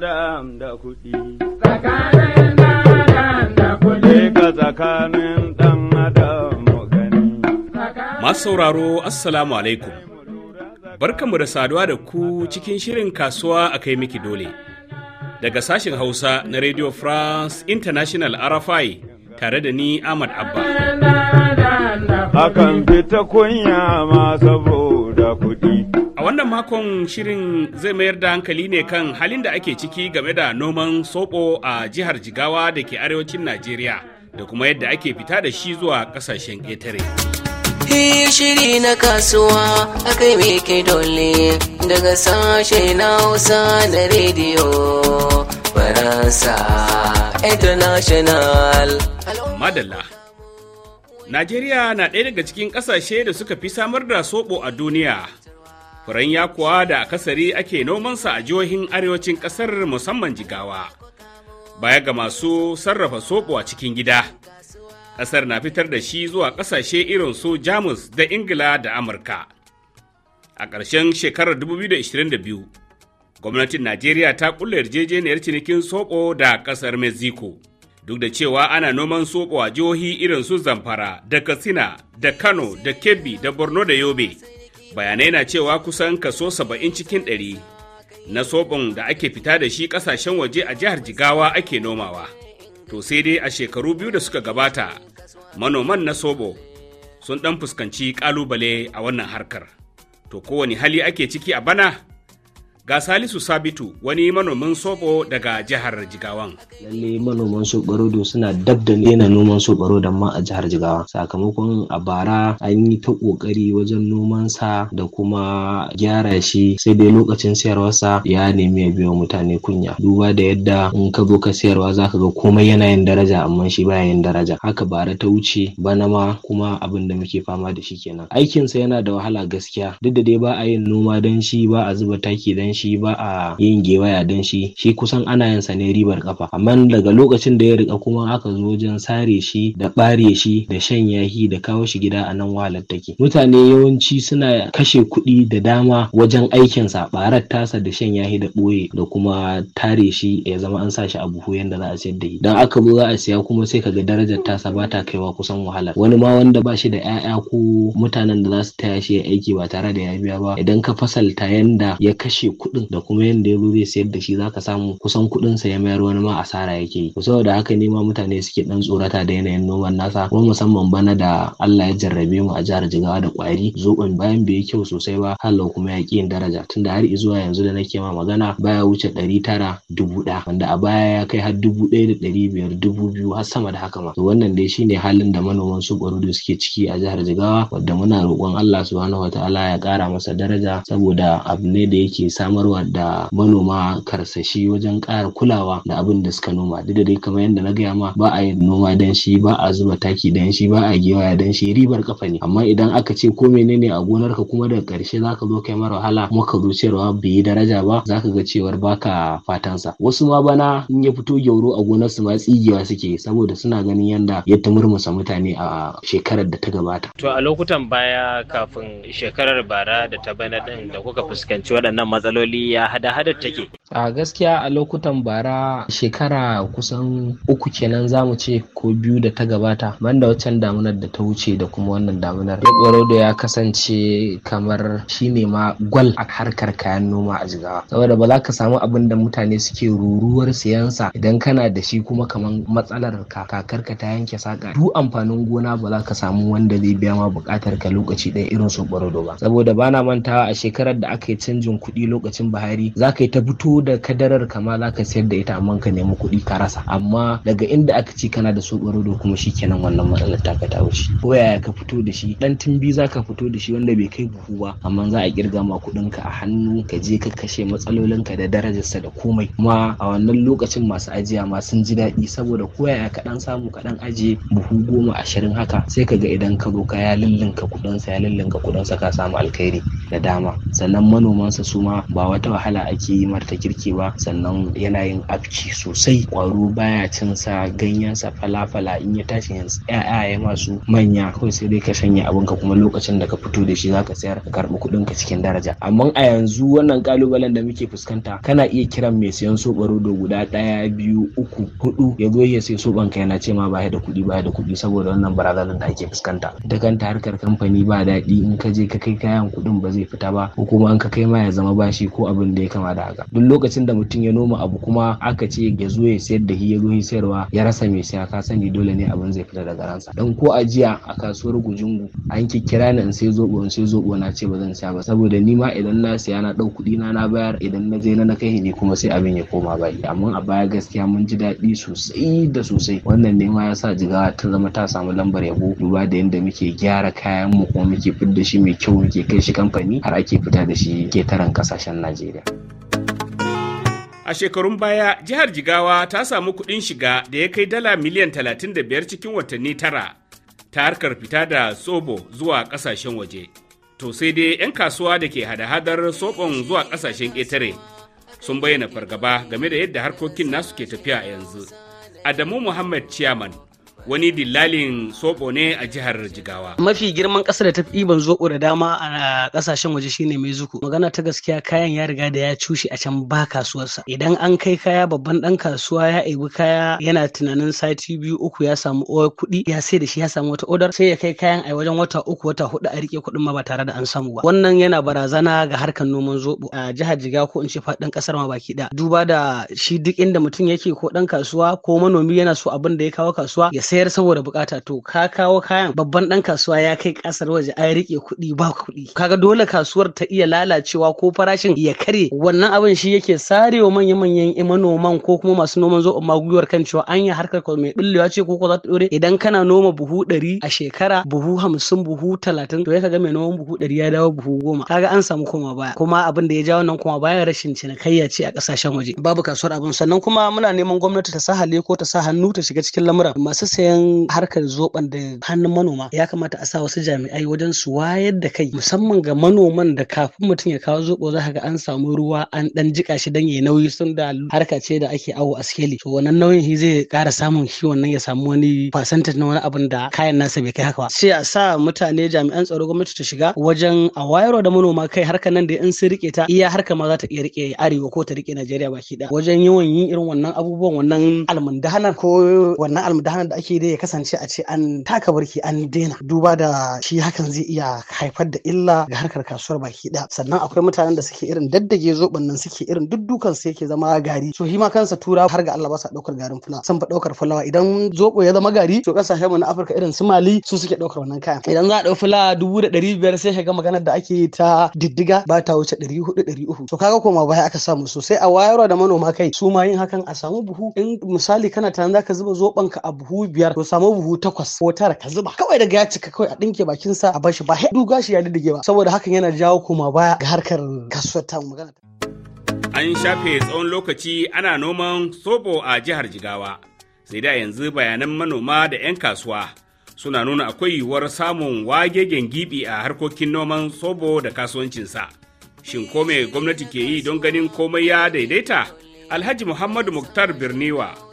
Dam da kuɗi. Tsakanin da kuɗi. Ka tsakanin dan adam gani. Masu sauraro, Assalamu alaikum. Barkanmu da saduwa da ku cikin shirin kasuwa a kai miki dole. Daga sashen Hausa na Radio France International RFI tare da ni Ahmad Abba. Akan fita kunya ma saboda kuɗi. wannan makon shirin zai mayar da hankali ne kan halin da ake ciki game da noman soɓo a jihar Jigawa da ke arewacin Najeriya da kuma yadda ake fita da shi zuwa ƙasashen ƙetare. shiri na kasuwa akai me mai dole daga sashe na hausa na rediyo faransa international madalla Najeriya na ɗaya daga cikin ƙasashe da suka fi samar da soɓo a duniya furen yakuwa da akasari ake nomansa a jihohin arewacin ƙasar musamman jigawa baya ga masu sarrafa soɓo a cikin gida ƙasar na fitar da shi zuwa ƙasashe irin su jamus da ingila da amurka a ƙarshen shekarar 2022 gwamnatin najeriya ta ƙulla yarjejeniyar cinikin soɓo da ƙasar mexico duk da cewa ana noman soɓo a jihohi irin su zamfara da katsina da kano da kebbi da borno da yobe bayanai na cewa kusan kaso saba'in cikin ɗari na soɓon da ake fita da shi ƙasashen waje a jihar jigawa ake nomawa to sai dai a shekaru biyu da suka gabata manoman na sobo sun ɗan fuskanci ƙalubale a wannan harkar to kowane hali ake ciki a bana Ga Salisu Sabitu wani manomin sobo daga jihar Jigawan. Lalle manoman soɓarodo suna dab da daina noman da ma a jihar Jigawa. Sakamakon a bara an yi ta ƙoƙari wajen noman sa da kuma gyara shi sai dai lokacin sayarwarsa ya nemi ya biyo mutane kunya. Duba da yadda in ka zo ka sayarwa za ka ga komai yana yin daraja amma shi baya yin daraja. Haka bara ta wuce bana ma kuma abin da muke fama da shi kenan. Aikinsa yana da wahala gaskiya duk da dai ba a yin noma don shi ba a zuba taki don shi ba a yin gewaya don shi shi kusan ana yin sa ne ribar kafa amma daga lokacin da ya rika kuma aka zo wajen sare shi da bare shi da shan yahi da kawo shi gida a nan wahalar take mutane yawanci suna kashe kuɗi da dama wajen aikin sa barar tasa da shan yahi da ɓoye da kuma tare shi ya zama an sa shi a buhu yadda za a sayar da shi dan aka zo za a siya kuma sai kaga darajar tasa ba ta kaiwa kusan wahala wani ma wanda ba shi da 'ya'ya ko mutanen da za su taya shi aiki ba tare da ya biya ba idan ka fasalta yanda ya kashe kuɗi kuɗin da kuma yadda ya zo zai sayar da shi za ka samu kusan kuɗin sa ya mayar wani ma asara yake yi kusa da haka ne ma mutane suke ɗan tsorata da yanayin noman nasa kuma musamman bana da Allah ya jarrabe mu a jihar Jigawa da ƙwari, zoɓin bayan bai yi kyau sosai ba hala kuma ya yin daraja tunda har zuwa yanzu da nake ma magana baya wuce ɗari tara dubu ɗaya wanda a baya ya kai har dubu ɗaya da ɗari biyar dubu biyu har sama da haka ma to wannan dai ne halin da manoman su da suke ciki a jihar Jigawa wadda muna roƙon Allah subhanahu ta'ala ya ƙara masa daraja saboda abu ne da yake samun samarwa da manoma karsashi wajen ƙara kulawa da abin da suka noma duk da dai kamar yadda na gaya ma ba a yi noma danshi shi ba a zuba taki danshi shi ba a gewaya dan ribar kafa ne amma idan aka ce ko menene a gonarka kuma daga karshe zaka zo kai mara wahala kuma ka zo cewa bai yi daraja ba zaka ga cewar baka fatansa wasu ma bana in ya fito gyauro a gonar su ma tsigewa suke saboda suna ganin yadda ya ta murmusa mutane a shekarar da ta gabata to a lokutan baya kafin shekarar bara da ta bana din da kuka fuskanci waɗannan matsaloli matsaloli ya hada-hadar take? A gaskiya a lokutan bara shekara kusan uku kenan za mu ce ko biyu da ta gabata Man da waccan damunar da ta wuce da kuma wannan damunar. Rodo ya kasance kamar shine ma gwal a harkar kayan noma a jigawa. Saboda ba za ka samu abin da mutane suke ruruwar siyansa idan kana da shi kuma kamar matsalar kakarka ta yanke saka. Duk amfanin gona ba za ka samu wanda zai biya ma bukatar ka lokaci ɗaya irin su ba. Saboda bana mantawa a shekarar da aka yi canjin kuɗi lokaci lokacin buhari za ka yi ta fito da kadarar kama za ka sayar da ita amma ka nemi kuɗi ka rasa amma daga inda aka ce kana da da kuma shi kenan wannan matsalar ta ka ta wuce ko yaya ka fito da shi dan timbi za ka fito da shi wanda bai kai buhu ba amma za a kirga ma kuɗin ka a hannu ka je ka kashe matsalolin ka da darajarsa da komai ma a wannan lokacin masu ajiya ma sun ji daɗi saboda ko yaya ka dan samu ka dan ajiye buhu goma ashirin haka sai ka ga idan ka zo ka ya lullunka kuɗinsa ya lullunka kuɗinsa ka samu alkhairi da dama sannan manomansa su ma ba A wata wahala ake yi marta kirki ba sannan yana yin afki sosai kwaro baya cin sa ganyen sa falafala in ya tashi yanzu ya'ya masu manya kawai sai dai ka shanye abin ka kuma lokacin da ka fito da shi zaka sayar ka karbi kuɗin ka cikin daraja amma a yanzu wannan kalubalen da muke fuskanta kana iya kiran mai sayan sobaro da guda ɗaya biyu uku hudu ya zo ya sai soban ka yana ce ma ba da kuɗi ba da kuɗi saboda wannan barazanar da ake fuskanta da kanta harkar kamfani ba daɗi in ka je ka kai kayan kuɗin ba zai fita ba ko kuma in ka kai ma ya zama bashi ko abin da ya kama da haka duk lokacin da mutum ya noma abu kuma aka ce ya zo ya sayar da shi ya zo ya sayarwa ya rasa mai saya ka sani dole ne abin zai fita daga ransa dan ko a jiya a kasuwar gujungu an ki ni in sai zobo in sai zobo na ce ba zan siya ba saboda ni ma idan na saya na dau kuɗi na na bayar idan na je na na kai ne kuma sai abin ya koma bayi amma a baya gaskiya mun ji daɗi sosai da sosai wannan ne ma yasa jigawa ta zama ta samu lambar yabo duba da yadda muke gyara kayan mu kuma muke fidda shi mai kyau muke kai shi kamfani har ake fita da shi ke taran kasashen ƙasar Najeriya. A shekarun baya, jihar Jigawa ta samu kuɗin shiga da ya kai dala miliyan 35 cikin watanni tara ta harkar fita da tsobo zuwa ƙasashen waje. To sai dai 'yan kasuwa da ke hada-hadar tsobon zuwa ƙasashen ƙetare sun bayyana fargaba game da yadda harkokin nasu ke tafiya a yanzu. Adamu Muhammad Ciyaman wani dillalin soɓo ne a jihar Jigawa. Mafi girman ƙasa da ta fi ɗiban zoɓo da dama a kasashen waje shine mai zuku Magana ta gaskiya kayan ya riga da ya cushe a can ba kasuwarsa. Idan an kai kaya babban ɗan kasuwa ya ibi kaya yana tunanin sati biyu uku ya samu kuɗi ya sai da shi ya samu wata odar sai ya kai kayan a wajen wata uku wata hudu a rike kuɗin ma ba tare da an samu ba. Wannan yana barazana ga harkan noman zoɓo a jihar Jigawa ko in ce faɗin ƙasar ma baki ɗaya. Duba da shi duk inda mutum yake ko ɗan kasuwa ko manomi yana so abin da ya kawo kasuwa ya sai sayar saboda bukata to ka kawo kayan babban dan kasuwa ya kai kasar waje ai rike kuɗi ba kuɗi kaga dole kasuwar ta iya lalacewa ko farashin ya kare wannan abin shi yake sarewa manyan manyan manoman ko kuma masu noman zo amma gwiwar kan cewa anya harkar ko mai billewa ce ko ko za ta dore idan kana noma buhu ɗari a shekara buhu hamsin buhu talatin to ya kaga mai noman buhu ɗari ya dawo buhu goma kaga an samu koma baya kuma abin da ya jawo nan kuma baya rashin cinikayya ce a kasashen waje babu kasuwar abin sannan kuma muna neman gwamnati ta sa hale ko ta sa hannu ta shiga cikin lamuran masu sayar yanayin harkar zoben da hannun manoma ya kamata a sa wasu jami'ai wajen su wayar da kai musamman ga manoman da kafin mutum ya kawo zobo za ga an samu ruwa an dan jika shi dan yayi nauyi sun da harka ce da ake awo a skeli to wannan nauyin shi zai kara samun shi wannan ya samu wani percentage na wani abin da kayan nasa bai kai haka ba sai a sa mutane jami'an tsaro gwamnati ta shiga wajen a wayarwa da manoma kai harkar nan da in sun rike ta iya harka ma za ta iya rike arewa ko ta rike Najeriya baki daya wajen yawan yin irin wannan abubuwan wannan almundahanar ko wannan almundahanar da ake yake dai ya kasance a ce an taka barki an daina duba da shi hakan zai iya haifar da illa ga harkar kasuwar baki ɗaya sannan akwai mutanen da suke irin daddage zoben nan suke irin duddukan su yake zama gari so hima kansa tura har ga Allah ba sa ɗaukar garin fulawa san fa ɗaukar fulawa idan zobo ya zama gari to kasashen mu na Afirka irin su Mali su suke daukar wannan kayan idan za a ɗau fulawa dubu da ɗari biyar sai ga maganar da ake ta diddiga ba ta wuce ɗari hudu ɗari uku to kaga koma baya aka samu sosai a wayarwa da manoma kai su ma yin hakan a samu buhu in misali kana tunanin zaka zuba zoben ka a buhu biyar to samu buhu takwas ko tara ka zuba kawai daga ya cika kawai a dinke bakin sa a bashi ba he duga shi ya diddige ba saboda hakan yana jawo koma baya ga harkar kasuwar ta magana an shafe tsawon lokaci ana noman sobo a jihar jigawa sai da yanzu bayanan manoma da 'yan kasuwa suna nuna akwai yiwuwar samun wagegen gibi a harkokin noman sobo da kasuwancinsa shin ko me gwamnati ke yi don ganin komai ya daidaita alhaji muhammadu muktar birniwa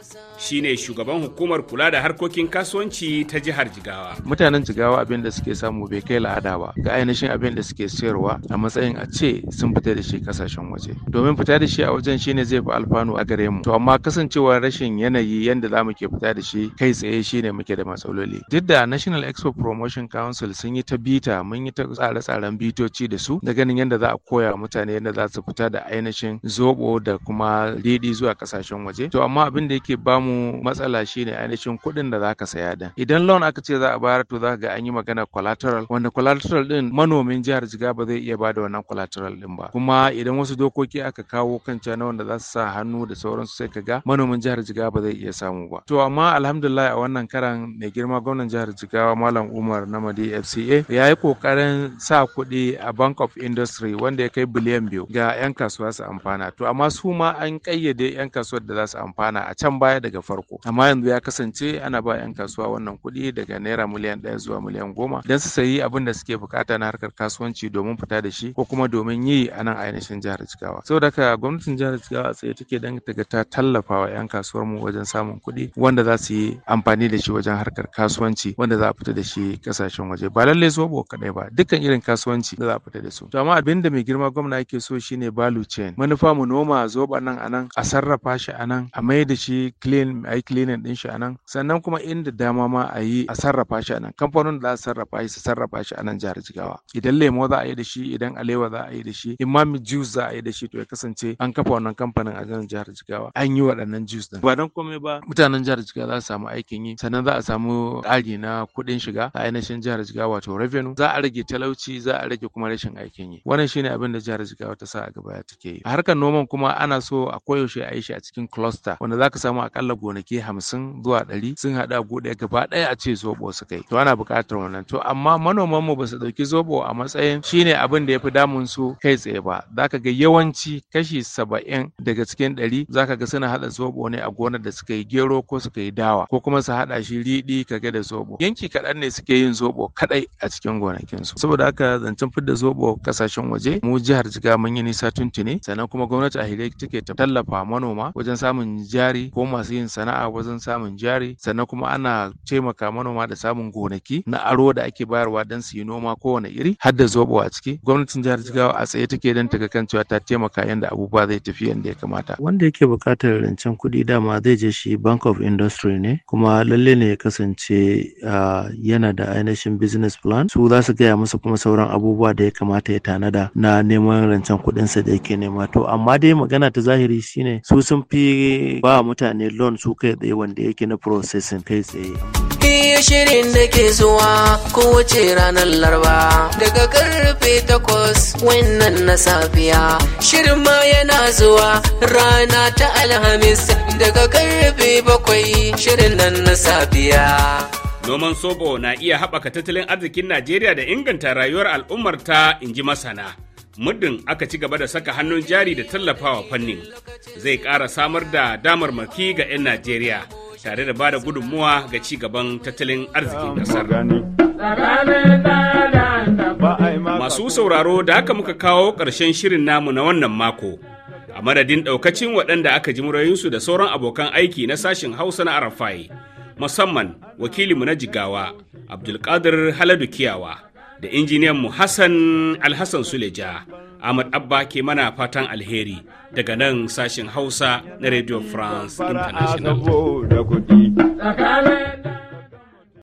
shine shugaban hukumar kula da harkokin kasuwanci ta jihar Jigawa. Mutanen Jigawa abin da suke samu bai kai la'ada ba ga ainihin abin da suke sayarwa a matsayin a ce sun fita da shi kasashen waje. Domin fita da shi a wajen shine zai fi alfanu a gare mu. To amma kasancewar rashin yanayi yadda za ke fita da shi kai tsaye shine muke da matsaloli. Duk da National Expo Promotion Council sun yi ta bita mun yi ta tsare-tsaren bitoci da su da ganin yadda za a koya mutane yadda za su fita da ainihin zobo da kuma riɗi zuwa kasashen waje. To amma abin da yake bamu Matsala matsala ne ainihin kuɗin da zaka saya din idan loan aka ce za a bayar to za ga an yi magana collateral wanda collateral din manomin jihar jiga ba zai iya bada wannan collateral din ba kuma idan wasu dokoki aka kawo kan na wanda za su sa hannu da sauransu sai ka ga manomin jihar jiga ba zai iya samu ba to amma alhamdulillah a wannan karan mai girma gwamnan jihar jigawa malam umar namadi fca ya yi kokarin sa kuɗi a bank of industry wanda ya kai biliyan biyu ga 'yan kasuwa su amfana to amma su ma an ƙayyade 'yan kasuwar da za su amfana a can baya daga farko amma yanzu ya kasance ana ba 'yan kasuwa wannan kuɗi daga naira miliyan ɗaya zuwa miliyan goma don su sayi abin da suke bukata na harkar kasuwanci domin fita da shi ko kuma domin yi a nan yanayin jihar jigawa saboda haka gwamnatin jihar jigawa a tsaye take don ta tallafa wa 'yan kasuwar mu wajen samun kuɗi wanda za su yi amfani da shi wajen harkar kasuwanci wanda za a fita da shi kasashen waje ba lallai zobo kaɗai ba dukkan irin kasuwanci za a fita da su to amma abin da mai girma gwamna yake so shine value chain manufa mu noma zoba nan a nan a sarrafa shi a nan a mai da shi clean nan a yi cleaning din shi a sannan kuma inda dama ma a yi a sarrafa shi a nan da za su sarrafa shi su sarrafa shi a nan jihar jigawa idan lemo za a yi da shi idan alewa za a yi da shi mi juice za a yi da shi to ya kasance an kafa wannan kamfanin a nan jihar jigawa an yi waɗannan juice din ba don komai ba mutanen jihar jigawa za su samu aikin yi sannan za a samu tsari na kuɗin shiga a ainihin jihar jigawa wato revenue za a rage talauci za a rage kuma rashin aikin yi wannan shine abin da jihar jigawa ta sa a gaba take yi a harkar noman kuma ana so a koyaushe a yi shi a cikin cluster wanda za ka samu akalla akalla gonaki hamsin zuwa ɗari sun haɗa gu ɗaya gaba ɗaya a ce zobo su kai to ana buƙatar wannan to amma manoman mu ba su ɗauki zobo a matsayin shine abin da ya fi damun su kai tsaye ba zaka ga yawanci kashi saba'in daga cikin ɗari zaka ga suna haɗa zobo ne a gonar da suka yi gero ko suka yi dawa ko kuma su haɗa shi riɗi kage da zobo yanki kaɗan ne suke yin zobo kaɗai a cikin gonakinsu saboda haka zancen fidda zobo ƙasashen waje mu jihar jiga mun yi nisa tuntuni sannan kuma gwamnati a hire take tallafa manoma wajen samun jari ko masu yin yin sana'a wajen samun jari sannan kuma ana taimaka manoma da samun gonaki na aro da ake bayarwa don su yi noma kowane iri har da zobo a ciki gwamnatin jihar jigawa a tsaye take don ta ga kan cewa ta taimaka yadda abubuwa zai tafi yadda ya kamata wanda yake buƙatar rancen kuɗi dama zai je shi bank of industry ne kuma lalle ne ya kasance yana da ainihin business plan su za su gaya masa kuma sauran abubuwa da ya kamata ya tanada na neman rancen kuɗinsa da yake nema to amma dai magana ta zahiri shine su sun fi ba mutane loan kan su kai tsaye wanda yake na processing kai tsaye. Iya shirin da ke zuwa kowace ranar larba daga karfe takwas wannan na safiya shirin ma yana zuwa rana ta alhamis daga karfe bakwai shirin nan na safiya. Noman sobo na iya haɓaka tattalin arzikin Najeriya da inganta rayuwar al'ummarta, in ji masana. muddin aka ci gaba da saka hannun jari da tallafawa fannin zai ƙara samar da damar damarmaki ga 'yan najeriya tare da ba da gudunmuwa ga ci gaban tattalin arzikin ah, ƙasar masu sauraro da haka muka kawo ƙarshen shirin namu na wannan mako a madadin ɗaukacin waɗanda aka ji murayinsu da sauran abokan aiki na sashen hausa na arafai musamman wakilinmu na jigawa abdulkadir haladu kiyawa da injiniyan mu Hassan Alhassan Suleja. Ahmad Abba ke mana fatan alheri daga nan sashin Hausa na Radio France International.